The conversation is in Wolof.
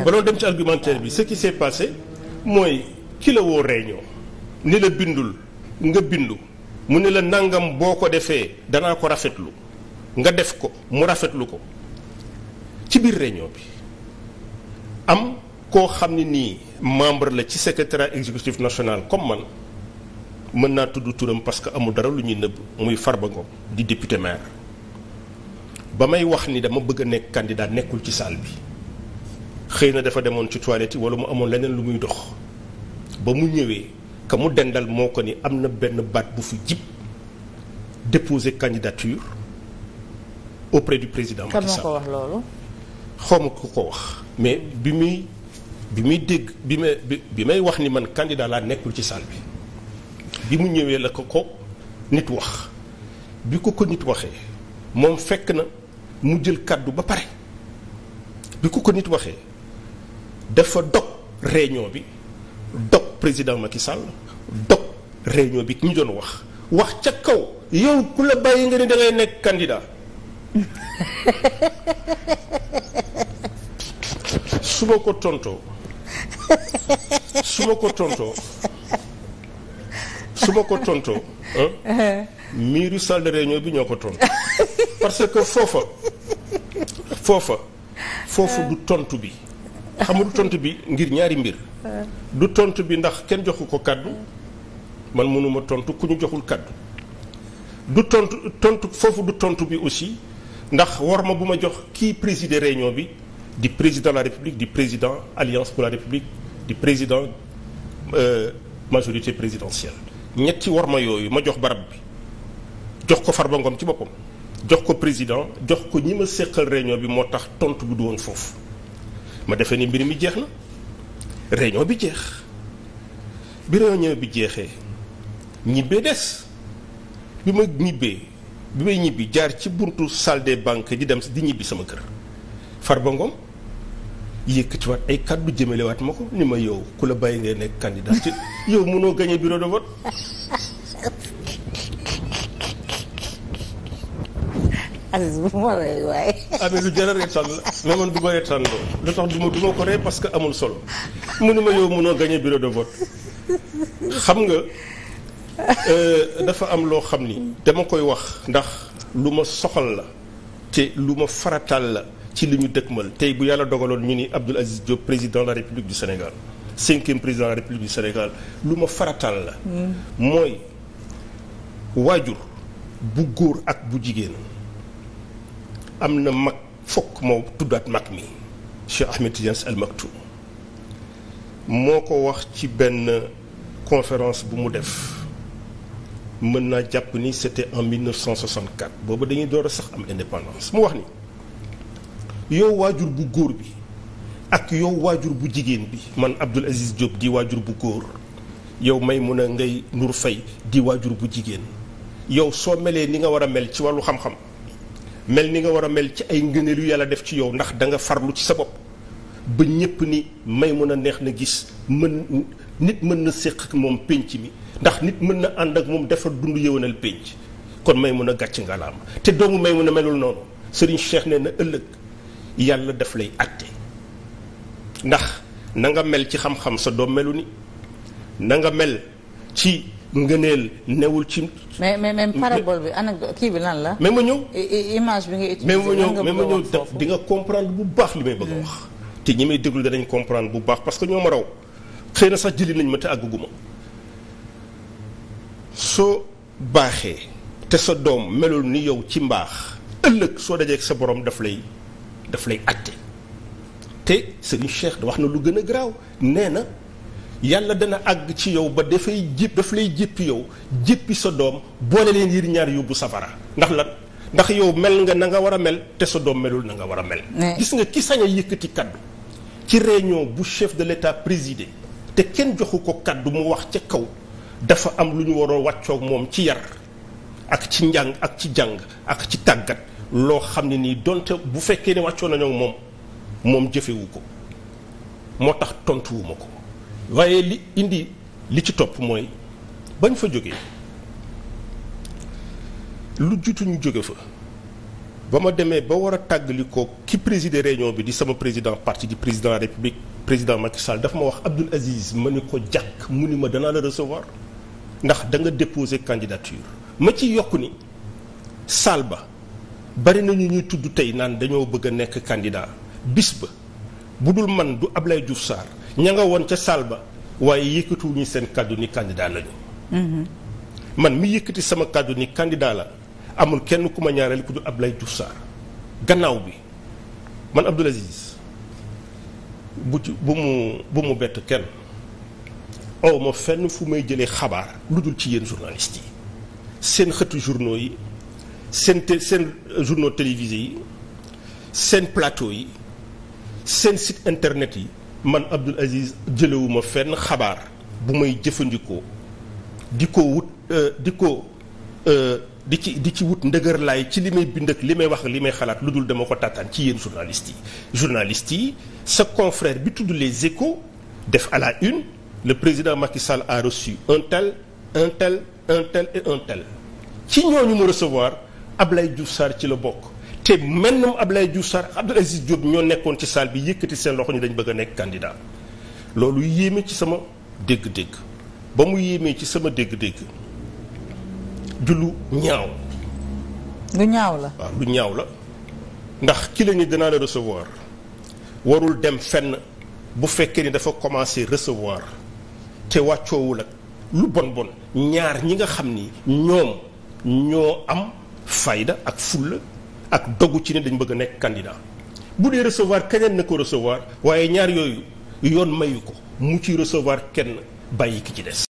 non ba doon dem ci argumentaire bi ce qui s'est passé mooy ki la woo ni la bindul nga bindu mu ne la nangam boo ko defee danaa ko rafetlu nga def ko mu rafetlu ko ci biir réunion bi am koo xam ne nii membre la ci secrétariat exécutif national comme man mën naa tudd turam parce que amul dara lu ñuy nëbb muy Farba Ngom di député maire ba may wax ni dama bëgg a nekk candidat nekkul ci salle bi xëy na dafa demoon ci toilette wala mu amoon leneen lu muy dox ba mu ñëwee ka mu dendal moo ko ni am na benn baat bu fi jib déposer candidature auprès du président Macky Sall ko wax loolu. xaw ma ku ko wax mais bi muy bi muy dégg bi may bi may wax ni man candidat laa nekkul ci salle bi bi mu ñëwee la ko ko nit wax bi ko ko nit waxee moom fekk na mu jël kàddu ba pare bi ko ko nit waxee. dafa dog réunion bi dog président Macky Sall dog réunion bi ki ñu doon wax wax ca kaw yow ku la bàyyi nga ni da nekk candidat su ko tontoo su ko tontoo su ko tontoo miiru salle de réunion bi ñoo ko tontu parce que foofa foofa foofu du tontu bi xam tontu bi ngir ñaari mbir. du tontu bi ndax kenn joxu ko kàddu man mënuma tontu ku ñu joxul kàddu du tontu tontu foofu du tontu bi aussi ndax war ma bu ma jox kii présider réunion bi di président de la république di président alliance pour la république di président euh, majorité présidentielle. ñetti war ma yooyu ma jox barab bi jox ko Farba ci boppam jox ko président jox ko ñi ma séqal réunion bi moo tax tontu bu du woon foofu. ma defee ni mbir mi jeex na réunion bi jeex bi réunion bi jeexee ñibbee des bi ma ñibbee bi may ñibbi jaar ci buntu salle banque di dem di ñibbi sama kër far Farba Ngom yëkkatiwaat ay kàddu jëmalewaat ma ko ni ma yow ku la bàyyi ngay nekk candidat ci yow mënoo gagné bureau de vote Aziz bu ma rey waaye. amee lu jar a reetaan la mais man ma reetaan loo parce que amul solo mënuma yow mënoo gagné bureau de vote xam nga euh, dafa am loo xam ni. dama koy wax ndax lu ma soxal la te lu ma farataal la ci li ñu dëkkmal tey bu yàlla dogaloon ñu ni Abdoul Aziz Diop président de la République du Sénégal cinquième président la République du Sénégal lu ma farataal la. Mm. mooy waajur bu góor ak bu jigéen. am na mag fokk moo tuddaat mag mi Cheikh Ahmed Tidiane Al Maktoum moo ko wax ci benn conférence bu mu def mën naa jàpp ni c'était en 1964 boobu dañuy door a sax am indépendance mu wax ni yow waajur bu góor bi ak yow waajur bu jigéen bi man Abdoul Aziz Diop di waajur bu góor yow may mun a ngay nur fay di waajur bu jigéen yow soo melee ni nga war a mel ci wàllu xam-xam mel ni nga war a mel ci ay ngëneel yàlla def ci yow ndax danga farlu ci sa bopp ba ñépp ni may mën a neex na gis mën nit mën na séq moom pénc mi ndax nit mën na ànd ak moom defar dund yëwanal pénc kon may mun a gàcc ngalaam te doomu may mun a melul noonu sëriñ Cheikh nee na ëllëg yàlla daf lay àtte ndax nanga mel ci xam-xam sa doom melu ni na nga mel ci ngëneel newul ci. mais mais mais parabole bi ana kii bi lan la. même ma ñëw image bi nga utilisé. même ma ñëw même ma ñëw di nga comprendre bu baax li may bëgg a hmm. wax. te ñi may déglu danañ comprendre bu baax parce que ñoo ma raw xëy na sax jëli nañ ma te àgguguma soo baaxee te sa doom melul ni yow ci mbaax ëllëg soo dajee ak sa borom daf lay daf lay àtte te Serigne Cheikh wax na lu gën a garaaw nee na. yàlla dana àgg ci yow ba dafay jip daf lay jippi yow jippi sa doom boole leen yir ñaar yóbbu safara ndax la ndax yow mel nga na nga war a mel te sa doom melul na nga war a mel gis nga ki sañ a yëkkati kaddu ci réunion bu chef de l'état présidé te kenn joxu ko kàddu mu wax ca kaw dafa am lu ñu waroon wàccoog moom ci yar ak ci njàng ak ci jàng ak ci tàggat loo xam ne nii donte bu fekkee ne wàccoo nañoo moom moom jëfewu ko moo tax tontuwuma ko waaye li indi li ci topp mooy bañ fa jógee lu jiitu ñu jóge fa ba ma demee ba war a tàggali ko ki présider réunion bi di sama président parti di président république président Macky Sall dafa ma wax Abdoul Aziz ma ni ko jàkk mu ni ma danaa la recevoir ndax da nga déposer candidature ma ci yokk ni saal ba bari nañu ñuy tudd tey naan dañoo bëgg a nekk candidat bis ba bu dul man du Ablaye Diouf Sarr ña nga woon ca salle ba waaye yëkkatuwuñu seen kàddu ni candidat lañu. Mm-hmm. man mi yëkkati sama kàddu ni kàndidaa la amul kenn ku ma ñaaral ku du Abdoulaye Diouf Sarr gannaaw bi man Abdoul Aziz bu ci bu mu mu bett kenn aw ma fenn fu may jëlee xabaar lu dul ci yéen journalistes yi seen xëtu journaux yi seen te seen euh, journaux télévisés yi seen plateau yi seen site internet yi man Abdoul Aziz jëlewuma fenn xabaar bu may jëfandikoo di ko wut euh, di ko euh, di ci di ci wut ndëgër laay ci li may bind ak li may wax li may xalaat lu dul dama ko tàttaan ci yéen journalistes yi journalistes yi sa confrère bi tudd les échos def à une le président Macky Sall a reçu un tel un tel un tel et un tel ci ñooñu mu recevoir Ablaye Diouf Sarr ci la bokk te mennum Abdoulaye Diouf Sarr Abdoul Aziz Diop ñoo nekkoon ci salle bi yëkkati seen loxo ñu dañ bëgg a nekk candidat loolu yéeme ci sama dégg-dégg ba mu yéemee ci sama dégg-dégg du lu ñaaw. lu ñaaw la waaw lu ñaaw la ndax ki la ni danaa la recevoir warul dem fenn bu fekkee ni dafa commencé recevoir te wàccoowul ak lu bon bon ñaar ñi nga xam ni ñoom ñoo am fayda ak fulla ak dogu ci ne dañ bëgg a nekk candidat bu dee recevoir keneen na ko recevoir waaye ñaar yooyu yoon mayu ko mu ci recevoir kenn bàyyi ki ci des